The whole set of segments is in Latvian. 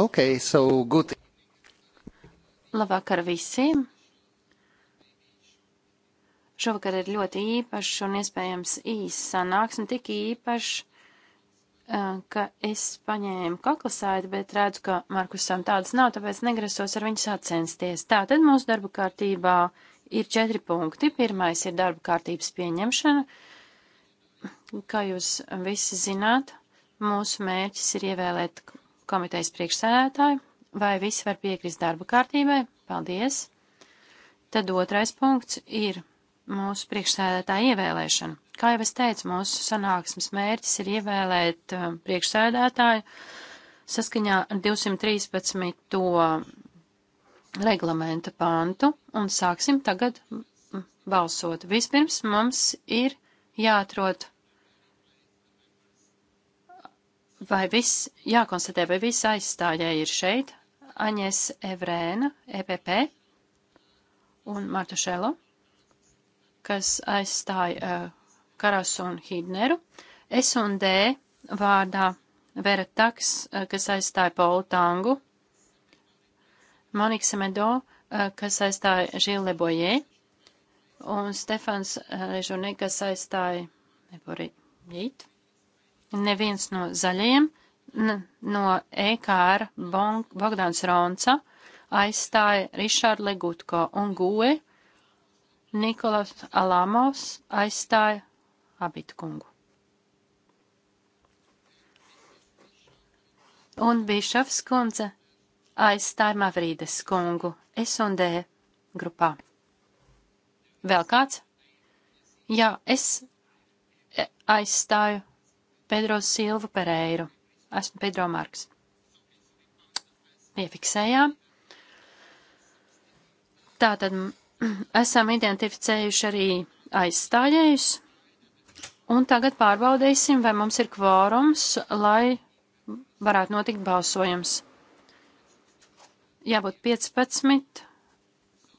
Okay, so good. Labvakar visiem! Šovakar ir ļoti īpašs un iespējams īss sanāksme, tik īpašs, ka es paņēmu kaklasādi, bet redzu, ka Markusam tādas nav, tāpēc negrasos ar viņu sacensties. Tātad mūsu darba kārtībā ir četri punkti. Pirmais ir darba kārtības pieņemšana. Kā jūs visi zināt, mūsu mērķis ir ievēlēt komitejas priekšsēdētāju. Vai visi var piekrist darba kārtībai? Paldies! Tad otrais punkts ir mūsu priekšsēdētāja ievēlēšana. Kā jau es teicu, mūsu sanāksmes mērķis ir ievēlēt uh, priekšsēdētāju saskaņā ar 213. reglamenta pantu un sāksim tagad balsot. Vispirms mums ir jāatrod vai viss, jākonstatē, vai viss aizstājēji ir šeit, Aņēs Evrēna, EPP un Martušelo, kas aizstāja uh, Karas un Hidneru, S un D vārdā Vera Taks, uh, kas aizstāja Paulu Tangu, Monika Semedo, uh, kas aizstāja Žil Lebojē, un Stefans Režunē, kas aizstāja Neborīt. Neviens no zaļajiem, no EKR Bogdāns Ronca aizstāja Rišārdu Legutko un Gue Nikolas Alamos aizstāja Abitkungu. Un Bišafs kundze aizstāja Mavrīdes kungu S&D grupā. Vēl kāds? Jā, es e, aizstāju Pedro Silva Pereiru. Esmu Pedro Marks. Piefiksējām. Tātad esam identificējuši arī aizstājējus. Un tagad pārbaudīsim, vai mums ir kvorums, lai varētu notikt balsojums. Jābūt 15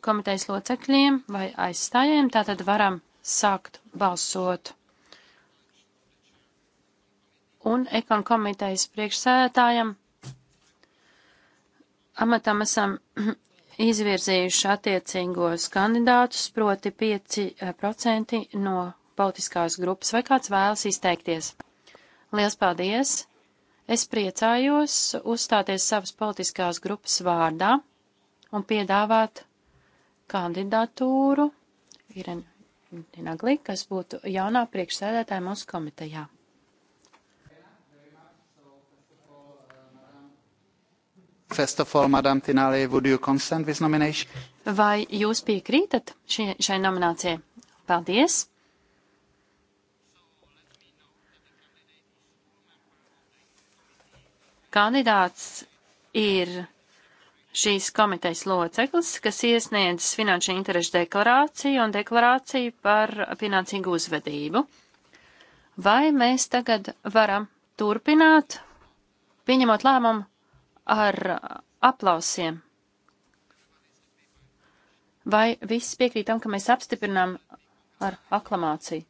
komitejas locekļiem vai aizstājējiem, tātad varam sākt balsot un ekon komitejas priekšsēdētājam amatam esam izvirzījuši attiecīgos kandidātus, proti 5% eh, no politiskās grupas, vai kāds vēlas izteikties. Lielas paldies! Es priecājos uzstāties savas politiskās grupas vārdā un piedāvāt kandidatūru Irena Naglī, kas būtu jaunā priekšsēdētāja mūsu komitejā. First of all, Madam Tinali, would you consent with nomination? Vai jūs piekrītat šie, šai nominācijai? Paldies! Kandidāts ir šīs komitejas loceklis, kas iesniedz finanšu interešu deklarāciju un deklarāciju par finansīgu uzvedību. Vai mēs tagad varam turpināt, pieņemot lēmumu ar aplausiem. Vai viss piekrīt tam, ka mēs apstiprinām ar aklamāciju?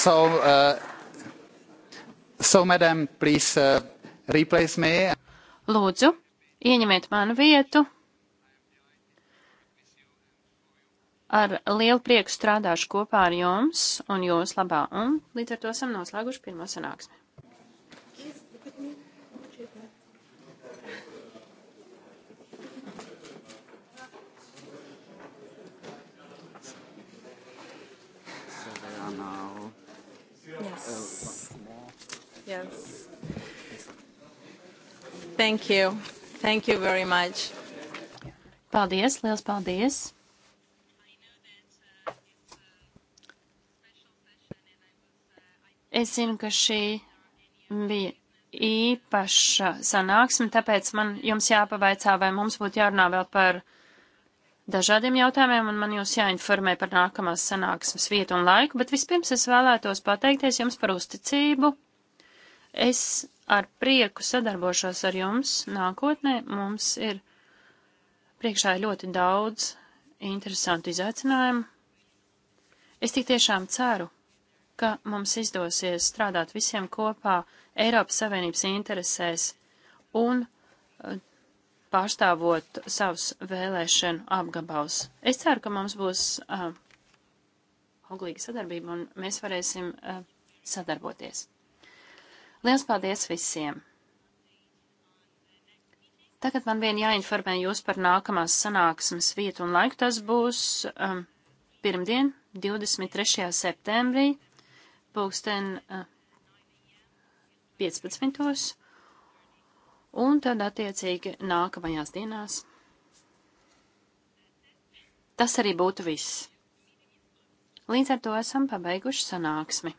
So, uh, so madam, please uh, replace me. Lūdzu, ieņemiet manu vietu. Ar lielu prieku strādāšu kopā ar jums un jūs labā. Un līdz ar to esam noslēguši pirmo sanāksmi. Yes. Yes. Thank you. Thank you very much. Paldies, liels paldies. Es zinu, ka šī bija īpaša sanāksme, tāpēc man jums jāpavaicā, vai mums būtu jārunā vēl par dažādiem jautājumiem, un man jūs jāinformē par nākamās sanāksmes vietu un laiku, bet vispirms es vēlētos pateikties jums par uzticību. Es ar prieku sadarbošos ar jums nākotnē. Mums ir priekšā ļoti daudz interesantu izaicinājumu. Es tik tiešām ceru, ka mums izdosies strādāt visiem kopā Eiropas Savienības interesēs un eh, pārstāvot savus vēlēšanu apgabals. Es ceru, ka mums būs uh, auglīga sadarbība un mēs varēsim uh, sadarboties. Liels paldies visiem! Tagad man vien jāinformē jūs par nākamās sanāksmes vietu un laiku. Tas būs um, pirmdien, 23. septembrī, pulksten 15. un tad attiecīgi nākamajās dienās. Tas arī būtu viss. Līdz ar to esam pabeiguši sanāksmi.